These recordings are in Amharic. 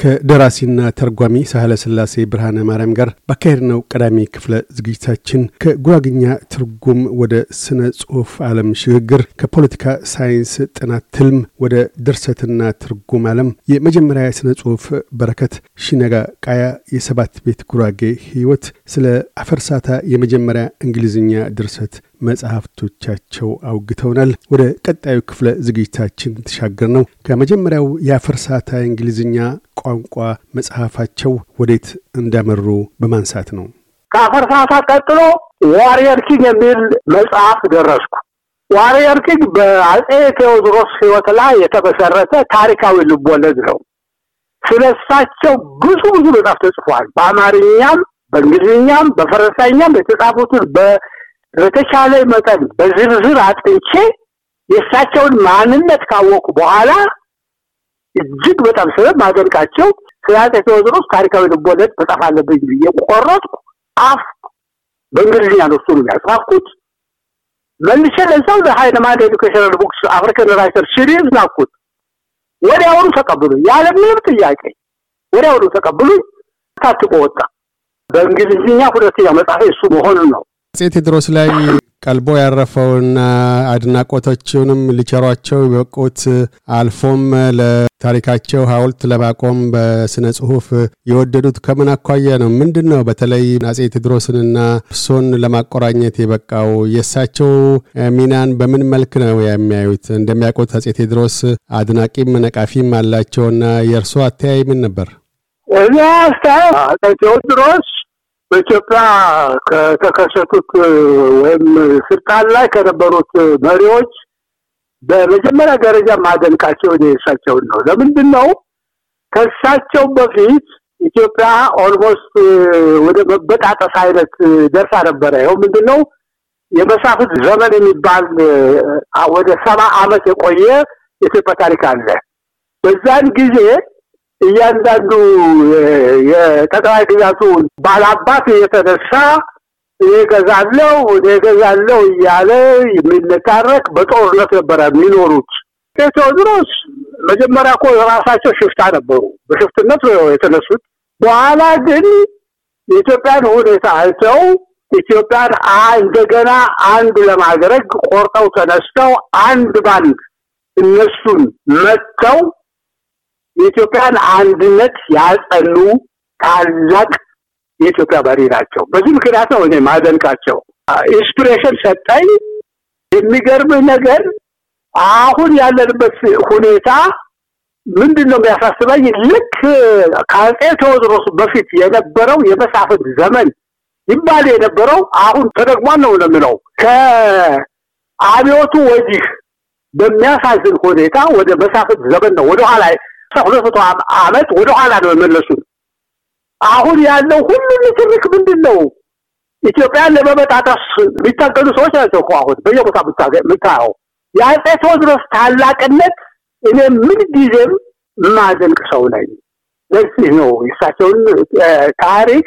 ከደራሲና ተርጓሚ ሳህለ ስላሴ ብርሃነ ማርያም ጋር ነው ቀዳሚ ክፍለ ዝግጅታችን ከጉራግኛ ትርጉም ወደ ስነ ጽሁፍ ዓለም ሽግግር፣ ከፖለቲካ ሳይንስ ጥናት ትልም ወደ ድርሰትና ትርጉም ዓለም፣ የመጀመሪያ የሥነ ጽሁፍ በረከት፣ ሺነጋ ቃያ የሰባት ቤት ጉራጌ ሕይወት፣ ስለ አፈርሳታ የመጀመሪያ እንግሊዝኛ ድርሰት መጽሐፍቶቻቸው አውግተውናል። ወደ ቀጣዩ ክፍለ ዝግጅታችን ተሻገር ነው። ከመጀመሪያው የአፈርሳታ እንግሊዝኛ ቋንቋ መጽሐፋቸው ወዴት እንዳመሩ በማንሳት ነው። ከአፈርሳታ ቀጥሎ ዋሪየር ኪንግ የሚል መጽሐፍ ደረስኩ። ዋሪየር ኪንግ በአጼ ቴዎድሮስ ሕይወት ላይ የተመሰረተ ታሪካዊ ልቦለድ ነው። ስለሳቸው ብዙ ብዙ መጽሐፍ ተጽፏል። በአማርኛም፣ በእንግሊዝኛም፣ በፈረንሳይኛም የተጻፉትን በተቻለ መጠን በዝርዝር አጥንቼ የእሳቸውን ማንነት ካወቁ በኋላ እጅግ በጣም ስለማደንቃቸው ስለ አፄ ቴዎድሮስ ታሪካዊ ልቦለድ መጻፍ አለብኝ ብዬ ቆረጥኩ። አፍ በእንግሊዝኛ ነው እሱን ያጻፍኩት። መልሼ ለዛው ለሃይለማንድ ኤዱኬሽናል ቡክስ አፍሪካን ራይተር ሲሪዝ ላኩት። ወዲያውኑ ተቀብሉኝ፣ ያለ ምንም ጥያቄ ወዲያውኑ ተቀብሉኝ። ታትቆ ወጣ። በእንግሊዝኛ ሁለተኛ መጽሐፌ እሱ መሆኑን ነው። አፄ ቴዎድሮስ ላይ ቀልቦ ያረፈውና አድናቆቶችንም ሊቸሯቸው የበቁት አልፎም ለታሪካቸው ሐውልት ለማቆም በስነ ጽሁፍ የወደዱት ከምን አኳያ ነው? ምንድን ነው በተለይ አፄ ቴዎድሮስንና እርሶን ለማቆራኘት የበቃው የእሳቸው ሚናን በምን መልክ ነው የሚያዩት? እንደሚያውቁት አፄ ቴዎድሮስ አድናቂም ነቃፊም አላቸውና የእርሶ አተያይ ምን ነበር? እኔ አፄ ቴዎድሮስ በኢትዮጵያ ከተከሰቱት ወይም ስልጣን ላይ ከነበሩት መሪዎች በመጀመሪያ ደረጃ ማደንቃቸው እኔ እሳቸውን ነው። ለምንድን ነው ከእሳቸው በፊት ኢትዮጵያ ኦልሞስት ወደ መበጣጠስ አይነት ደርሳ ነበረ። ይኸው ምንድን ነው የመሳፍት ዘመን የሚባል ወደ ሰባ ዓመት የቆየ የኢትዮጵያ ታሪክ አለ። በዛን ጊዜ እያንዳንዱ የጠቅላይ ግዛቱ ባላባት የተነሳ እኔ ገዛለው እኔ ገዛለው እያለ የሚነታረክ በጦርነት ነበረ የሚኖሩት። ቴዎድሮስ መጀመሪያ እኮ ራሳቸው ሽፍታ ነበሩ። በሽፍትነት ነው የተነሱት። በኋላ ግን የኢትዮጵያን ሁኔታ አይተው ኢትዮጵያን እንደገና አንድ ለማድረግ ቆርጠው ተነስተው አንድ ባንድ እነሱን መጥተው የኢትዮጵያን አንድነት ያጸኑ ታላቅ የኢትዮጵያ መሪ ናቸው። በዚህ ምክንያት ነው እኔ ማደንቃቸው። ኢንስፒሬሽን ሰጠኝ። የሚገርም ነገር አሁን ያለንበት ሁኔታ ምንድን ነው የሚያሳስበኝ? ልክ ከአጼ ቴዎድሮስ በፊት የነበረው የመሳፍንት ዘመን ይባል የነበረው አሁን ተደግሟል ነው የምለው። ከአብዮቱ ወዲህ በሚያሳዝን ሁኔታ ወደ መሳፍንት ዘመን ነው ወደኋላ ሁለት መቶ ወደ ኋላ ነው የመለሱ። አሁን ያለው ሁሉ ንትርክ ምንድን ነው? ኢትዮጵያን ለመበጣጠስ የሚታገሉ ሰዎች ናቸው እኮ አሁን በየቦታ የምታየው። የአጼ ቴዎድሮስ ታላቅነት እኔ ምን ጊዜም የማደንቅ ሰው ነኝ። ለዚህ ነው የእሳቸውን ታሪክ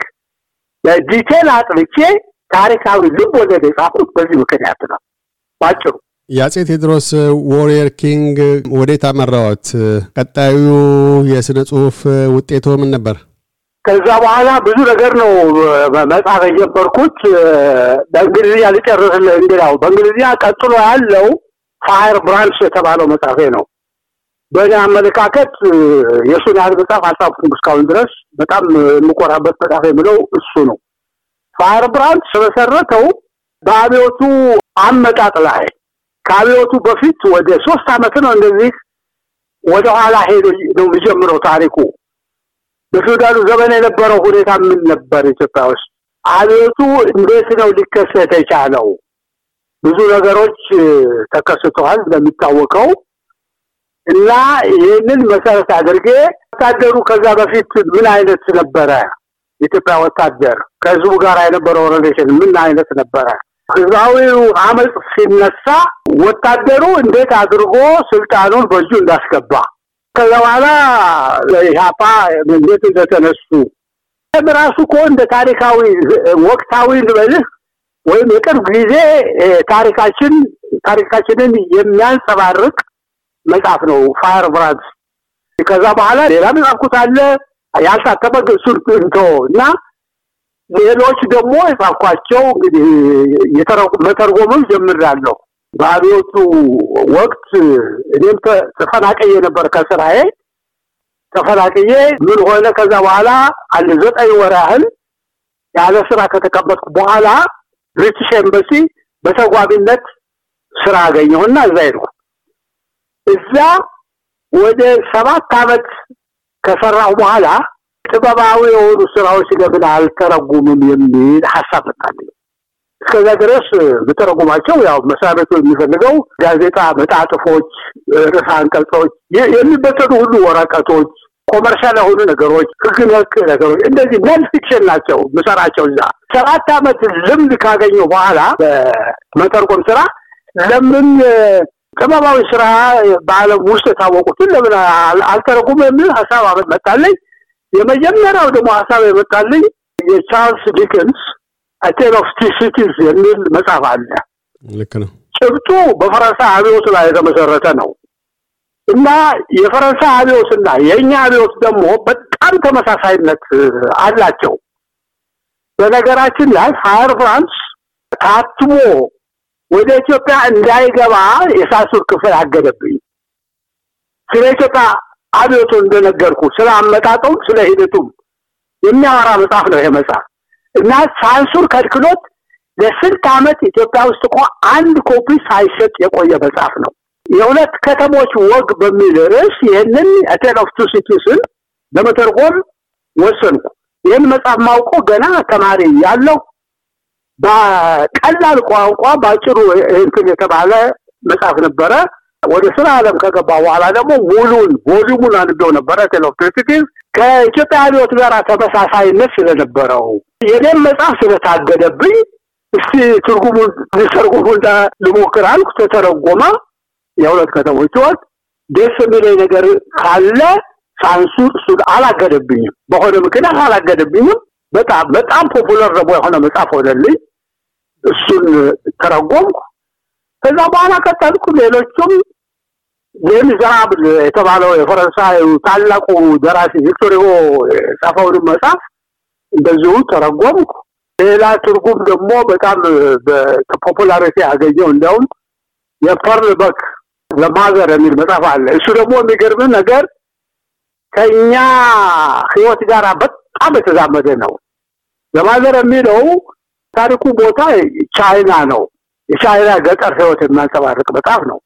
ዲቴል አጥንቼ ታሪካዊ ልብ ወለድ የጻፉት በዚህ ምክንያት ነው ባጭሩ። የአጼ ቴዎድሮስ ዋሪየር ኪንግ ወዴት አመራዎት? ቀጣዩ የስነ ጽሁፍ ውጤቶ ምን ነበር? ከዛ በኋላ ብዙ ነገር ነው መጽሐፍ የጀመርኩት። በእንግሊዝኛ ልጨርስልህ እንግዲያው። በእንግሊዝኛ ቀጥሎ ያለው ፋየር ብራንች የተባለው መጽሐፌ ነው። በእኔ አመለካከት የእሱን ያህል መጽሐፍ አልጻፍኩም እስካሁን ድረስ። በጣም የምቆራበት መጽሐፍ የምለው እሱ ነው። ፋየር ብራንች ስለሰረተው በአብዮቱ አመጣጥ ላይ ከአብዮቱ በፊት ወደ ሶስት አመት ነው እንደዚህ ወደ ኋላ ሄዶ ነው የሚጀምረው ታሪኩ። በፊውዳሉ ዘመን የነበረው ሁኔታ ምን ነበር ኢትዮጵያ ውስጥ? አብዮቱ እንዴት ነው ሊከሰት የቻለው? ብዙ ነገሮች ተከስተዋል እንደሚታወቀው እና ይህንን መሰረት አድርጌ ወታደሩ ከዛ በፊት ምን አይነት ነበረ? ኢትዮጵያ ወታደር ከህዝቡ ጋር የነበረው ሬሌሽን ምን አይነት ነበረ? ህዝባዊው አመፅ ሲነሳ ወታደሩ እንዴት አድርጎ ስልጣኑን በእጁ እንዳስገባ ከዛ በኋላ ኢህአፓ እንዴት እንደተነሱ ራሱ እኮ እንደ ታሪካዊ ወቅታዊ ልበልህ ወይም የቅርብ ጊዜ ታሪካችን ታሪካችንን የሚያንጸባርቅ መጽሐፍ ነው ፋየር ብራንስ ከዛ በኋላ ሌላ መጽሐፍ አለ ያልታተመ እሱን እንቶ እና ሌሎች ደግሞ የጻፍኳቸው እንግዲህ መተርጎምም ጀምራለሁ። በአብዮቱ ወቅት እኔም ተፈናቀዬ ነበር ከስራዬ ተፈናቅዬ ምን ሆነ? ከዛ በኋላ አንድ ዘጠኝ ወር ያህል ያለ ስራ ከተቀመጥኩ በኋላ ብሪቲሽ ኤምባሲ በተጓቢነት ስራ አገኘሁና እዛ ሄድኩ። እዛ ወደ ሰባት አመት ከሰራሁ በኋላ ጥበባዊ የሆኑ ስራዎች ለምን አልተረጉምም የሚል ሀሳብ መጣልኝ። እስከዛ ድረስ ብተረጉማቸው ያው መስሪያ ቤቱ የሚፈልገው ጋዜጣ መጣጥፎች፣ ርዕሰ አንቀጾች፣ የሚበተኑ ሁሉ ወረቀቶች፣ ኮመርሻል የሆኑ ነገሮች፣ ህግ ነክ ነገሮች እንደዚህ ነን ፊክሽን ናቸው ምሰራቸው። እዛ ሰባት አመት ልምድ ካገኘሁ በኋላ በመተርጎም ስራ ለምን ጥበባዊ ስራ በአለም ውስጥ የታወቁትን ለምን አልተረጉም የሚል ሀሳብ አመት መጣለኝ። የመጀመሪያው ደግሞ ሀሳብ የመጣልኝ የቻርልስ ዲክንስ አቴን ኦፍ ቱ የሚል መጽሐፍ አለ። ልክ ነው። ጭብጡ በፈረንሳይ አብዮት ላይ የተመሰረተ ነው እና የፈረንሳይ እና የእኛ አብዮት ደግሞ በጣም ተመሳሳይነት አላቸው። በነገራችን ላይ ፋየር ፍራንስ ታትሞ ወደ ኢትዮጵያ እንዳይገባ የሳሱር ክፍል አገደብኝ። ስለ ኢትዮጵያ አብዮቱ እንደነገርኩ ስለ አመጣጡም ስለ ሂደቱም የሚያወራ መጽሐፍ ነው ይሄ መጽሐፍ እና ሳንሱር ከድክሎት ለስንት ዓመት ኢትዮጵያ ውስጥ እኮ አንድ ኮፒ ሳይሸጥ የቆየ መጽሐፍ ነው። የሁለት ከተሞች ወግ በሚል ርዕስ ይህንን ቴል ኦፍ ቱ ሲቲስን ለመተርጎም ወሰንኩ። ይህን መጽሐፍ ማውቆ ገና ተማሪ ያለው በቀላል ቋንቋ በአጭሩ እንትን የተባለ መጽሐፍ ነበረ። ወደ ስራ ዓለም ከገባ በኋላ ደግሞ ሙሉን ቮሊሙን አንብቤው ነበረ ቴሌክትሪቲቭ ከኢትዮጵያ አብዮት ጋር ተመሳሳይነት ስለነበረው የኔም መጽሐፍ ስለታገደብኝ እስቲ ትርጉሙን ሊተርጉሙ ልሞክር አልኩ። ተተረጎመ። የሁለት ከተሞች ህይወት ደስ የሚለኝ ነገር ካለ ሳንሱር እሱን አላገደብኝም፣ በሆነ ምክንያት አላገደብኝም። በጣም በጣም ፖፑለር ደግሞ የሆነ መጽሐፍ ሆነልኝ። እሱን ተረጎምኩ። ከዛ በኋላ ከተልኩ ሌሎቹም ሌሚዘራብል የተባለው የፈረንሳይ ታላቁ ደራሲ ቪክቶር ሆ ጻፈውን መጽሐፍ እንደዚሁ ተረጎምኩ። ሌላ ትርጉም ደግሞ በጣም በፖፑላሪቲ ያገኘው እንዲያውም የፐርል በክ ለማዘር የሚል መጽሐፍ አለ። እሱ ደግሞ የሚገርም ነገር ከኛ ህይወት ጋር በጣም የተዛመደ ነው። ለማዘር የሚለው ታሪኩ ቦታ ቻይና ነው። የቻይና ገጠር ህይወት የሚያንጸባርቅ መጽሐፍ ነው።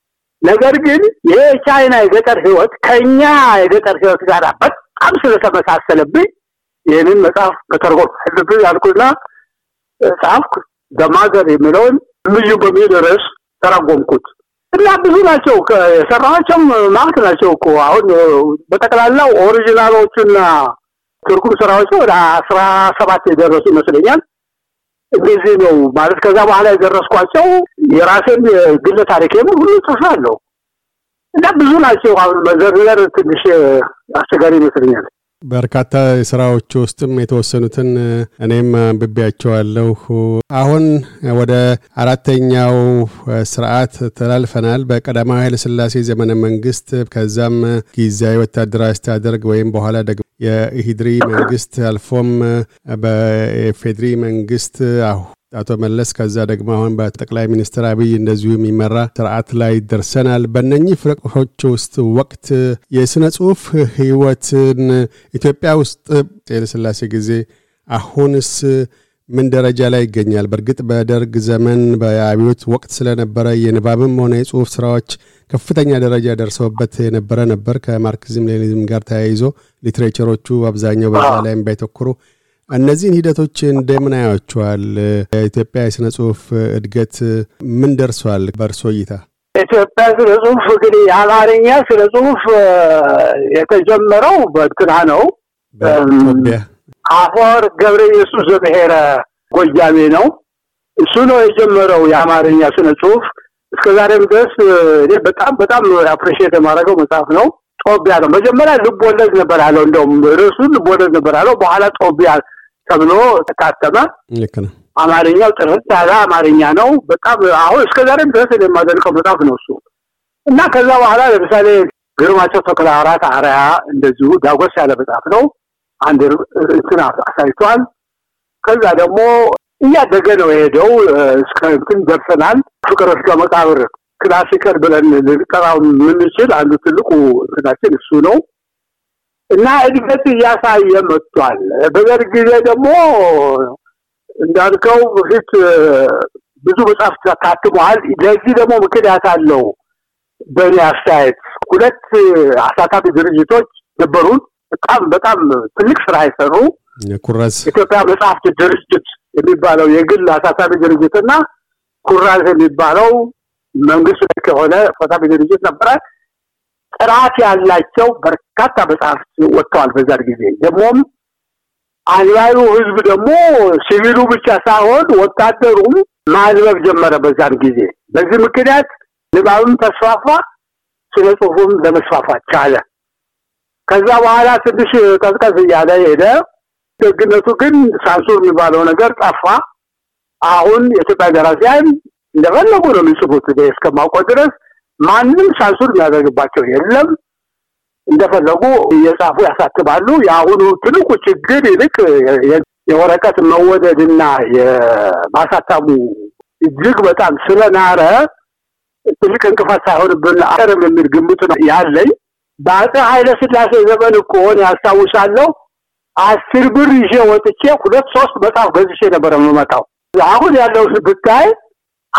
ነገር ግን የቻይና የገጠር ህይወት ከኛ የገጠር ህይወት ጋር በጣም ስለተመሳሰለብኝ ይህንን መጽሐፍ በተርጎም አለብኝ ያልኩና ጻፍኩ። በማዘር የሚለውን ልዩ በሚል ርዕስ ተረጎምኩት እና ብዙ ናቸው የሰራቸውም ማለት ናቸው እኮ አሁን በጠቅላላው ኦሪጂናሎቹና ትርጉም ስራዎች ወደ አስራ ሰባት የደረሱ ይመስለኛል። እንደዚህ ነው ማለት ከዛ በኋላ የደረስኳቸው የራሴን ግለ ታሪኬም ሁሉ ጽፌያለሁ እና ብዙ ናቸው። አሁን መዘርዘር ትንሽ አስቸጋሪ ይመስለኛል። በርካታ ስራዎች ውስጥም የተወሰኑትን እኔም አንብቤያቸዋለሁ። አሁን ወደ አራተኛው ስርዓት ተላልፈናል። በቀዳማዊ ኃይለሥላሴ ዘመነ መንግስት ከዛም ጊዜያዊ ወታደራዊ አስተዳደር ወይም በኋላ ደግሞ የኢሂድሪ መንግስት አልፎም በፌድሪ መንግስት አቶ መለስ ከዛ ደግሞ አሁን በጠቅላይ ሚኒስትር አብይ እንደዚሁ የሚመራ ስርዓት ላይ ደርሰናል። በነኚህ ፍረቆች ውስጥ ወቅት የሥነ ጽሁፍ ህይወትን ኢትዮጵያ ውስጥ ኃይለ ጊዜ አሁንስ ምን ደረጃ ላይ ይገኛል? በእርግጥ በደርግ ዘመን በአብዮት ወቅት ስለነበረ የንባብም ሆነ የጽሁፍ ስራዎች ከፍተኛ ደረጃ ደርሰውበት የነበረ ነበር። ከማርክሲዝም ሌኒዝም ጋር ተያይዞ ሊትሬቸሮቹ አብዛኛው በዛ ላይም ባይተኩሩ እነዚህን ሂደቶች እንደምን አያቸዋል? የኢትዮጵያ የስነ ጽሁፍ እድገት ምን ደርሷል በእርሶ እይታ? ኢትዮጵያ ስነ ጽሁፍ እንግዲህ የአማርኛ ስነ ጽሁፍ የተጀመረው በትና ነው አፈወርቅ ገብረ ኢየሱስ ዘብሔረ ጎጃሜ ነው። እሱ ነው የጀመረው የአማርኛ ስነ ጽሁፍ። እስከዛሬም ድረስ እኔ በጣም በጣም አፕሪሼት የማደርገው መጽሐፍ ነው። ጦቢያ ነው መጀመሪያ ልብ ወለድ ነበር ያለው፣ እንደውም ርዕሱን ልብ ወለድ ነበር ያለው። በኋላ ጦቢያ ተብሎ ተታተመ። ልክ ነው። አማርኛው ጥርት ያለ አማርኛ ነው። በጣም አሁን እስከዛሬም ድረስ እኔ የማደንቀው መጽሐፍ ነው እሱ እና ከዛ በኋላ ለምሳሌ ግርማቸው ተክለ ሃራት አርአያ እንደዚሁ ዳጎስ ያለ መጽሐፍ ነው። አንድ እንትን አሳይቷል። ከዛ ደግሞ እያደገ ነው የሄደው። እስከ እንትን ደርሰናል። ፍቅር እስከ መቃብር ክላሲከል ብለን ልንጠራው የምንችል አንዱ ትልቁ እንትናችን እሱ ነው እና እድገት እያሳየ መጥቷል። በዘር ጊዜ ደግሞ እንዳልከው በፊት ብዙ መጽሐፍ ታትመዋል። ለዚህ ደግሞ ምክንያት አለው። በእኔ አስተያየት ሁለት አሳታፊ ድርጅቶች ነበሩን። በጣም በጣም ትልቅ ስራ የሰሩ ኢትዮጵያ መጽሐፍት ድርጅት የሚባለው የግል አሳታሚ ድርጅትና ኩራዝ የሚባለው መንግስት ነክ የሆነ አሳታሚ ድርጅት ነበረ። ጥራት ያላቸው በርካታ መጽሐፍት ወጥተዋል። በዛን ጊዜ ደግሞም አንባቢው ህዝብ ደግሞ ሲቪሉ ብቻ ሳይሆን ወታደሩም ማንበብ ጀመረ በዛን ጊዜ። በዚህ ምክንያት ንባብም ተስፋፋ፣ ስነ ጽሁፉም ለመስፋፋት ቻለ። ከዛ በኋላ ትንሽ ቀዝቀዝ እያለ ሄደ። ደግነቱ ግን ሳንሱር የሚባለው ነገር ጠፋ። አሁን የኢትዮጵያ ደራሲያን እንደፈለጉ ነው የሚጽፉት። እስከማውቀው ድረስ ማንም ሳንሱር የሚያደርግባቸው የለም። እንደፈለጉ እየጻፉ ያሳትባሉ። የአሁኑ ትልቁ ችግር ይልቅ የወረቀት እና የማሳተሙ እጅግ በጣም ስለናረ ትልቅ እንቅፋት ሳይሆንብን አይቀርም የሚል ግምት ያለኝ በአጼ ኃይለ ስላሴ ዘመን እኮ ነው ያስታውሳለሁ። አስር ብር ይዤ ወጥቼ ሁለት ሶስት መጽሐፍ ገዝቼ ነበር የምመጣው። አሁን ያለው ብታይ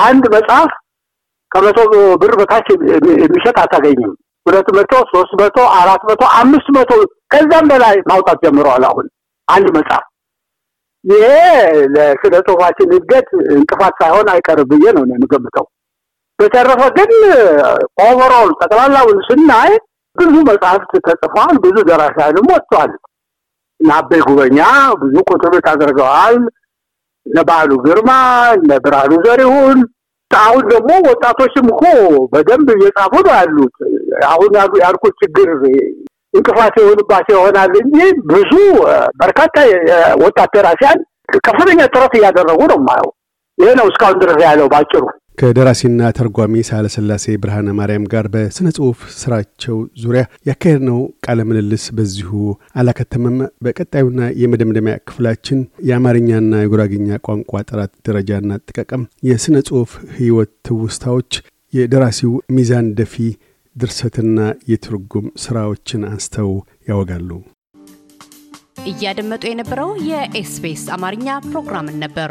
አንድ መጽሐፍ ከመቶ ብር በታች የሚሸጥ አታገኝም። ሁለት መቶ ሶስት መቶ አራት መቶ አምስት መቶ ከዛም በላይ ማውጣት ጀምረዋል። አሁን አንድ መጽሐፍ ይሄ ለስነ ጽሁፋችን እድገት እንቅፋት ሳይሆን አይቀርም ብዬ ነው የምገምተው። በተረፈ ግን ኦቨሮል ጠቅላላውን ስናይ ብዙ መጽሐፍት ተጽፏል። ብዙ ደራሲያንም ወጥቷል። አበይ ጉበኛ ብዙ ቁጥብት አድርገዋል። እነ በዓሉ ግርማ፣ እነ ብርሃኑ ዘሪሁን አሁን ደግሞ ወጣቶችም እኮ በደንብ እየጻፉ ነው ያሉት። አሁን ያልኩት ችግር እንቅፋት የሆንባቸው ይሆናል እንጂ ብዙ በርካታ ወጣት ደራሲያን ከፍተኛ ጥረት እያደረጉ ነው ማየው። ይሄ ነው እስካሁን ድረስ ያለው ባጭሩ። ከደራሲና ተርጓሚ ሳለስላሴ ብርሃነ ማርያም ጋር በሥነ ጽሑፍ ስራቸው ዙሪያ ነው ቃለ ምልልስ በዚሁ አላከተመም። በቀጣዩና የመደምደሚያ ክፍላችን የአማርኛና የጉራግኛ ቋንቋ ጥራት ደረጃና አጠቃቀም፣ የሥነ ጽሑፍ ሕይወት ትውስታዎች፣ የደራሲው ሚዛን ደፊ ድርሰትና የትርጉም ስራዎችን አንስተው ያወጋሉ። እያደመጡ የነበረው የኤስፔስ አማርኛ ፕሮግራምን ነበር።